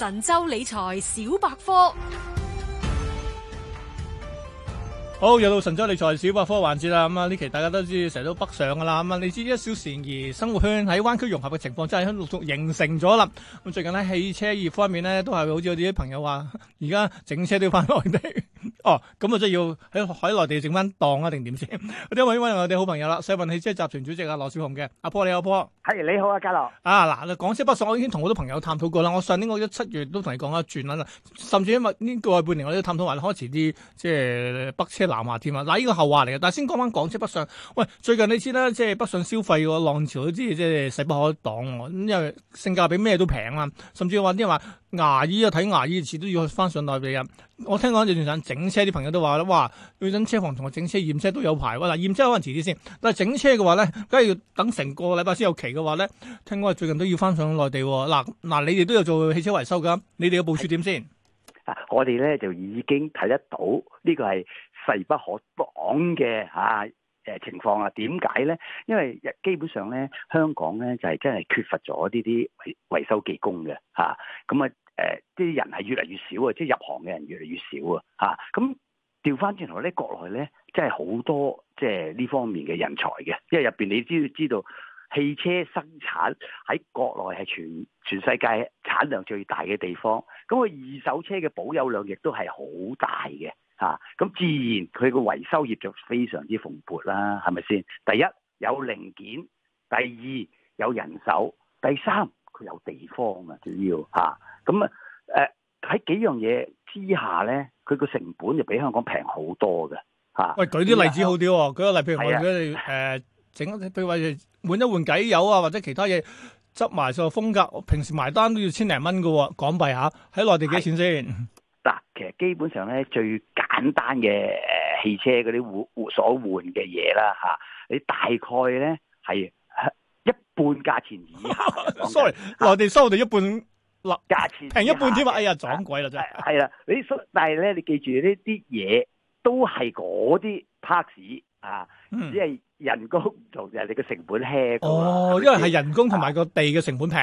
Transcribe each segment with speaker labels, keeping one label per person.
Speaker 1: 神州理財小百科
Speaker 2: 好，好又到神州理財小百科環節啦。咁啊，呢期大家都知成日都北上噶啦。咁啊，你知一小時而生活圈喺灣區融合嘅情況真係喺陸續形成咗啦。咁最近喺汽車業方面咧，都係好似有啲朋友話，而家整車都要翻內地。哦，咁啊，即係要喺海內地整翻檔啊，定點先？我哋歡迎我哋好朋友啦，世運汽車集團主席阿羅少雄嘅阿波，你好阿波，
Speaker 1: 係你好啊，嘉
Speaker 2: 樂。啊嗱，港車北上，我已經同好多朋友探討過啦。我上年我一七月都同你講一轉啦，甚至因為呢個外半年我都探討話，你開始啲即係北車南下添啊。嗱，呢個後話嚟嘅。但係先講翻港車北上。喂，最近你知啦，即係北上消費嘅浪潮，都知即係勢不可擋。咁因為性價比咩都平啦，甚至話啲話。牙醫啊，睇牙醫次都要翻上內地啊！我聽講一段時間想整車，啲朋友都話啦，哇，要等車房同我整車驗車都有排喎。嗱，驗車可能遲啲先，但係整車嘅話咧，梗係要等成個禮拜先有期嘅話咧，聽講最近都要翻上內地喎。嗱、啊，嗱、啊，你哋都有做汽車維修噶，你哋嘅部署點先？
Speaker 1: 我哋咧就已經睇得到呢、這個係勢不可擋嘅吓。啊誒情況啊，點解咧？因為日基本上咧，香港咧就係、是、真係缺乏咗呢啲維修技工嘅嚇。咁啊誒，啲、呃、人係越嚟越少，就是、越來越少啊，即係入行嘅人越嚟越少啊嚇。咁調翻轉頭咧，國內咧真係好多即係呢方面嘅人才嘅，因為入邊你知知道，汽車生產喺國內係全全世界產量最大嘅地方，咁個二手車嘅保有量亦都係好大嘅。自然佢個維修業就非常之蓬勃啦，係咪先？第一有零件，第二有人手，第三佢有地方啊，主要嚇。咁啊誒喺、呃、幾樣嘢之下咧，佢個成本就比香港平好多嘅嚇。啊、喂，舉啲例子好
Speaker 2: 啲喎，啊、舉個例譬如我哋誒整，譬如話換一換偈油啊，或者其他嘢執埋個風格，平時埋單都要千零蚊嘅喎港幣嚇、啊。喺內地幾多錢先？
Speaker 1: 嗱、啊，其實基本上咧最簡單嘅汽車嗰啲換所換嘅嘢啦吓，你大概咧係一半價錢以下 ，sorry，
Speaker 2: 內地、啊、收我哋一半，
Speaker 1: 嗱，價錢平一半添
Speaker 2: 啊，哎呀，撞鬼啦真
Speaker 1: 係，係啦，你但係咧你記住呢啲嘢都係嗰啲 pass 啊， 嗯、 只係人工同人哋嘅
Speaker 2: 成本輕哦，是是因為係人工同埋個地嘅成本平。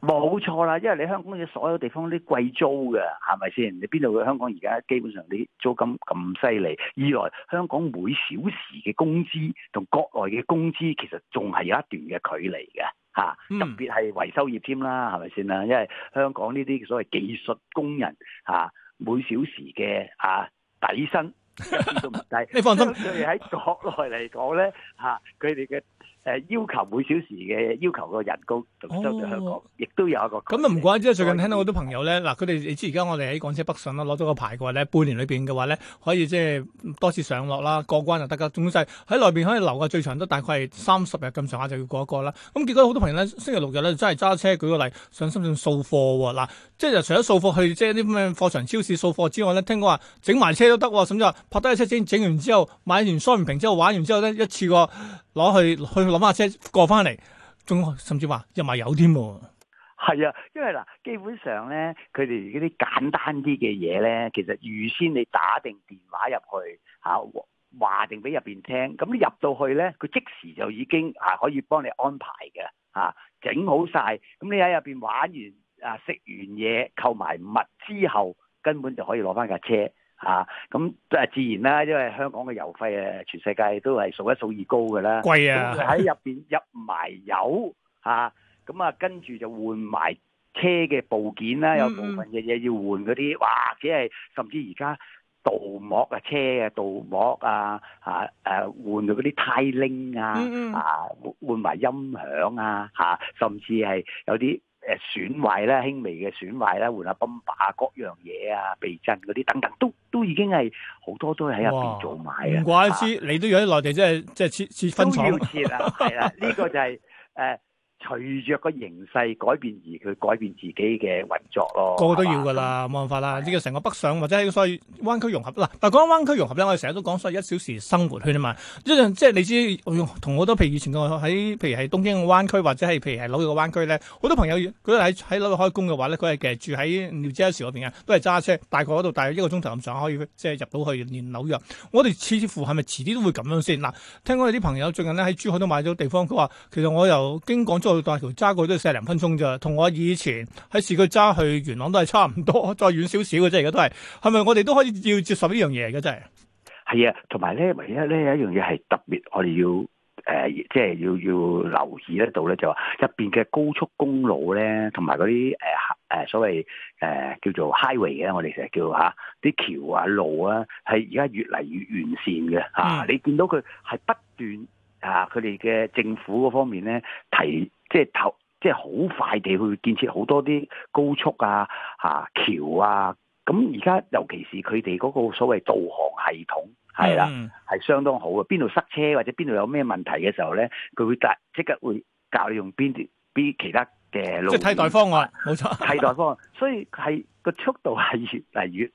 Speaker 1: 冇錯啦，因為你香港嘅所有地方啲貴租嘅，係咪先？你邊度嘅香港而家基本上啲租金咁犀利？二來香港每小時嘅工資同國內嘅工資其實仲係有一段嘅距離嘅，吓、啊、特別係維修業添啦，係咪先啦？因為香港呢啲所謂技術工人吓、啊、每小時嘅、啊、底薪都唔低。 你放心，對喺國內嚟講咧佢哋嘅。誒，要求每小時嘅要求個人工，收咗香港，亦、oh、yeah. 都有一
Speaker 2: 個咁啊！唔怪之啦，最近聽到好多朋友咧，嗱來，佢哋你知而家我哋喺港車北上啦，攞咗個牌嘅話咧，半年裏邊嘅話咧，可以即係多次上落啦，過關就得噶。總之就係喺內邊可以留嘅最長都大概係三十日咁上下就要過一過啦。咁結果好多朋友咧，星期六日咧真係揸車，舉個例上深圳掃貨喎，嗱，即、就、係、是、除咗掃貨去即係啲咩貨場、超市掃貨之外咧，聽講話整埋車都得喎、哦，甚至話拍低車先整，整完之後，買完雙面屏之後玩完之後咧，一次過攞去去。去攞翻架車過翻嚟，仲甚至話入埋油添喎。係啊，
Speaker 1: 因為嗱，基本上咧，佢哋嗰啲簡單啲嘅嘢咧，其實預先你打定電話入去嚇，話、啊、定俾入邊聽。咁你入到去咧，佢即時就已經嚇可以幫你安排嘅嚇、啊，整好晒，咁你喺入邊玩完啊，食完嘢，購埋物之後，根本就可以攞翻架車。啊，咁即係自然啦，因為香港嘅油費誒，全世界都係數一數二高嘅啦。貴啊！喺入邊入埋油嚇，咁啊，跟住就換埋車嘅部件啦，有部分嘅嘢要換嗰啲，哇！只係甚至而家鍍膜啊，車嘅鍍膜啊嚇誒，換咗嗰啲呔鈴啊啊，換換埋音響啊嚇，甚至係有啲誒損壞啦，輕微嘅損壞啦，換下泵把各樣嘢啊，避震嗰啲等等都。都已經係好
Speaker 2: 多都喺入邊做埋嘅，唔怪之你都有喺內地，即係即係設設分廠。都要設啊，係啦，呢
Speaker 1: 個就係誒。隨着個形勢改變而去改變自己嘅
Speaker 2: 運作咯，個個都要㗎啦，冇吧辦法啦。呢個成個北上或者係所謂灣區融合嗱，但講到灣區融合咧，我哋成日都講所謂一小時生活圈啊嘛。即係即係你知，同好多譬如以前個喺譬如喺東京嘅灣區或者係譬如喺紐約嘅灣區咧，好多朋友佢喺喺紐約開工嘅話咧，佢係其實住喺 New Jersey 嗰邊啊，都係揸車大概嗰度大概一個鐘頭咁上下可以即係入到去連紐約。我哋似乎係咪遲啲都會咁樣先嗱？聽講有啲朋友最近咧喺珠海都買咗地方，佢話其實我由經廣州。到大橋揸過去都四十零分鐘咋，同我以前喺市區揸去元朗都係差唔多，再遠少少嘅啫。而家都係，係咪我哋都可以要接受事的呢樣嘢？嘅，真
Speaker 1: 係，係啊，同埋咧，唯一咧有一樣嘢係特別，我、呃、哋、就是、要誒，即係要要留意喺度咧，就話入邊嘅高速公路咧，同埋嗰啲誒誒所謂誒、呃、叫做 highway 嘅，我哋成日叫吓啲橋啊，橋啊路啊，係而家越嚟越完善嘅吓、啊。你見到佢係不斷啊，佢哋嘅政府嗰方面咧提。即係頭即係好快地去建設好多啲高速啊、嚇、啊、橋啊。咁而家尤其是佢哋嗰個所謂導航系統係啦，係、嗯、相當好嘅。邊度塞車或者邊度有咩問題嘅時候咧，佢會即即刻會教你用邊啲邊其他嘅路，即係替代方
Speaker 2: 案。冇錯、啊，替代
Speaker 1: 方案。沒錯 所以係個速度係越嚟越誒、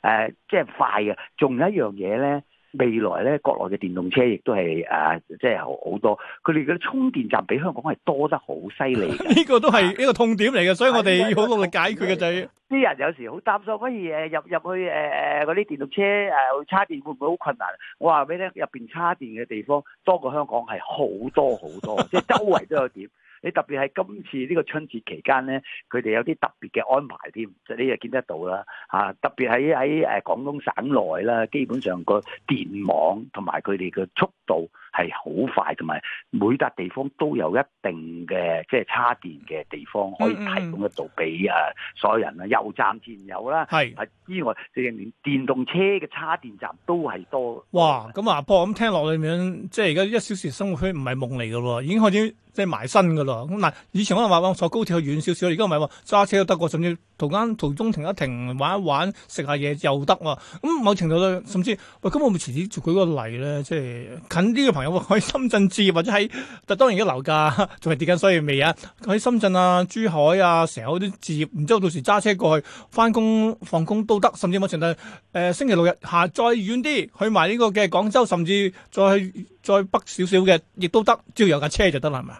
Speaker 1: 呃，即係快嘅。仲有一樣嘢咧。未來咧，國內嘅電動車亦都係誒、呃，即係好多，佢哋嘅充電站比香港係多得好犀利。呢
Speaker 2: 個都係一個痛點嚟嘅，啊、所以我哋要好努力
Speaker 1: 解決嘅就啲、是、人有時好擔心，不如誒入入去誒誒嗰啲電動車誒叉、呃、電會唔會好困難？我話俾你聽，入邊叉電嘅地方多過香港係好多好多，即、就、係、是、周圍都有點。 你特別係今次呢個春節期間咧，佢哋有啲特別嘅安排添，即係你又見得到啦嚇！特別喺喺誒廣東省內啦，基本上個電網同埋佢哋嘅速度。係好快，同埋每笪地方都有一定嘅即係叉電嘅地方，可以提供得到俾啊所有人啦。油，嗯嗯嗯、站自然有啦，係是之外，甚至連電動車嘅叉電站都係多。
Speaker 2: 哇！咁啊，播咁聽落裏面，即係而家一小時生活圈唔係夢嚟嘅喎，已經開始即係埋身㗎咯。咁嗱，以前可能話坐高鐵去遠少少，而家唔係，揸車都得嘅，甚至。途間途中停一停玩一玩，食下嘢又得喎，啊，咁、嗯、某程度甚至喂，今日我咪遲啲做舉個例咧，即係近啲嘅朋友喎，喺深圳置業或者喺，但當然而家樓價仲係跌緊，所以未啊，喺深圳啊、珠海啊，成日有啲置業，然之後到時揸車過去翻工、放工都得，甚至某程度、呃、星期六日下再遠啲去埋呢個嘅廣州，甚至再再北少少嘅亦都得，只要有架車就得啦，係咪？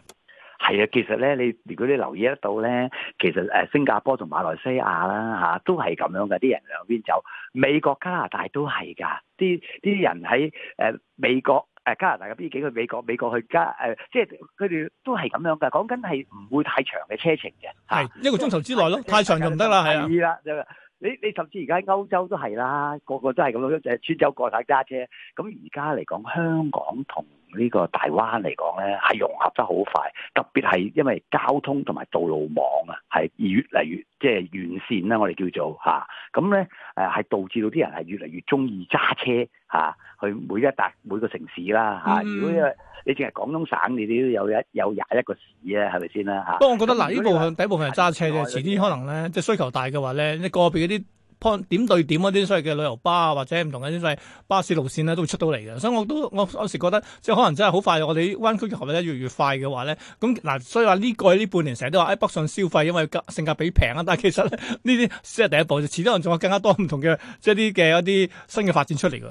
Speaker 1: 係啊，其實咧，你如果你留意得到咧，其實誒新加坡同馬來西亞啦嚇，都係咁樣嘅，啲人兩邊走。美國加拿大都係㗎，啲啲人喺誒美國誒加拿大嗰邊幾去美國？美國去加誒、呃，即係佢哋都係咁樣㗎。講緊係唔會太長嘅車程嘅，
Speaker 2: 係是、啊、一個鐘頭之內咯。以太長
Speaker 1: 就唔得啦，係啊。係啦，你你甚至而家喺歐洲都係啦，個個都係咁樣，就係穿州過省揸車。咁而家嚟講，香港同。呢個大灣嚟講咧，係融合得好快，特別係因為交通同埋道路網是越越、就是、啊，係越嚟越即係完善啦。我哋叫做吓，咁咧誒係導致到啲人係越嚟越中意揸車吓，去每一笪每個城市啦嚇。啊嗯、如果因為你淨係廣東省，你哋都有一有廿一個市是不是啊，係咪先啦嚇？不過我覺得嗱，呢部
Speaker 2: 分第一部分係揸車啫，遲啲是可能咧，即係是需求大嘅話咧，你個別嗰啲。點對點對點嗰啲所謂嘅旅遊巴啊，或者唔同嘅所謂巴士路線咧，都會出到嚟嘅。所以我都我有時覺得，即係可能真係好快。我哋灣區嘅行業越嚟越快嘅話咧，咁嗱，所以話呢個呢半年成日都話喺北上消費，因為價性價比平啊。但係其實咧，呢啲先係第一步，就始終仲有更加多唔同嘅，即係啲嘅一啲新嘅發展出嚟㗎。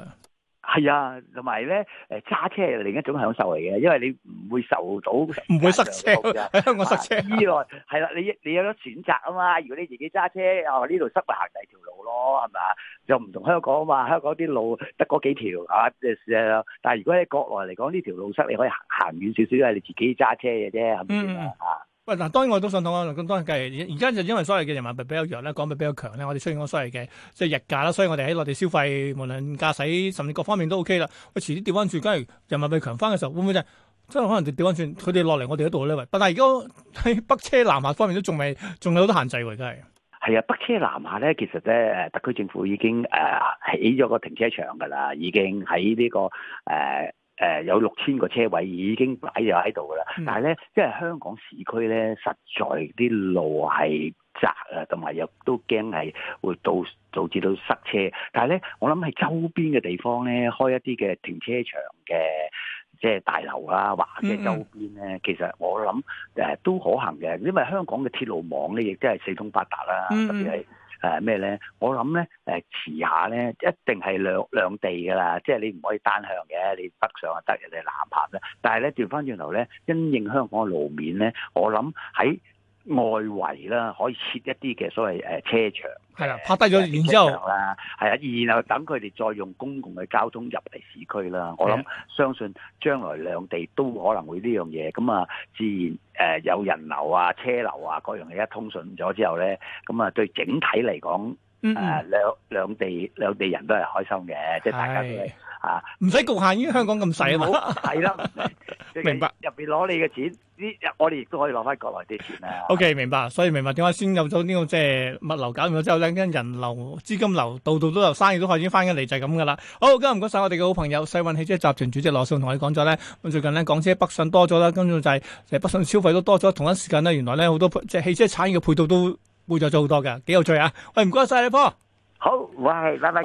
Speaker 1: 係啊，同埋咧，誒揸車係另一種享受嚟嘅，因為你唔會受到唔會塞車，香港塞車。依內係啦，你你有咗選擇啊嘛。如果你自己揸車，哦呢度塞咪行第二條路咯，係咪啊？又唔同香港啊嘛，香港啲路得嗰幾條啊，誒但係如果喺國內嚟講，呢條路塞，你可以行遠少少，因為你自己揸車嘅啫，係咪先啊？
Speaker 2: 喂，嗱當然我都信通啊！咁當然，而而家就因為所謂嘅人民幣比，比較弱咧，港幣比，比較強咧，我哋出現咗所謂嘅即係日價啦，所以我哋喺內地消費，無論駕駛甚至各方面都 OK 啦。喂，遲啲調翻轉，假如人民幣強翻嘅時候，會唔會就即係可能調翻轉佢哋落嚟我哋嗰度咧？但係而家喺北車南下方面都仲未，仲有好多限制喎，而家
Speaker 1: 係。係啊，北車南下咧，其實咧，特區政府已經誒、呃、起咗個停車場噶啦，已經喺呢、這個誒。呃誒、呃、有六千個車位已經擺咗喺度噶啦，但係咧，因為香港市區咧實在啲路係窄啊，同埋又都驚係會導導致到塞車。但係咧，我諗喺周邊嘅地方咧，開一啲嘅停車場嘅即係大樓啊，或者周邊咧，嗯嗯其實我諗誒、呃、都可行嘅，因為香港嘅鐵路網咧亦都係四通八達啦，特別係。誒咩咧？我諗咧誒遲下咧一定係兩兩地㗎啦，即係你唔可以單向嘅，你北上就得，嘅，你南下咧，但係咧調翻轉頭咧，因應香港嘅路面咧，我諗喺。外圍啦，可以設一啲嘅所謂誒車,車場，
Speaker 2: 係啦，拍低咗，然之後啦，
Speaker 1: 係啊，然後等佢哋再用公共嘅交通入嚟市區啦。的我諗相信將來兩地都可能會呢樣嘢。咁啊，自然誒有人流啊、車流啊嗰樣嘢一通順咗之後咧，咁啊對整體嚟講，誒兩、嗯嗯、兩,兩地兩地人都係開心嘅，即係的大家都。
Speaker 2: 啊！唔使以局限於香港咁細，好係啦， 面
Speaker 1: 你明白入邊攞你嘅錢，呢我哋亦都可以攞翻國內啲
Speaker 2: 錢啊。OK，明白，所以明白點解先有咗呢、這個即係、就是、物流搞完咗之後，兩跟人流、資金流，度度都有生意都開始翻緊嚟，就係咁噶啦。好，今日唔該晒我哋嘅好朋友世運汽車集團主席羅少雄同我哋講咗咧。咁最近咧，港車北上多咗啦，跟住就係、是、誒、就是、北上消費都多咗，同一時間咧，原來咧好多即係汽車產業嘅配套都會咗咗好多㗎，幾有趣啊！喂，唔該晒你波！
Speaker 1: 好，喂！拜拜！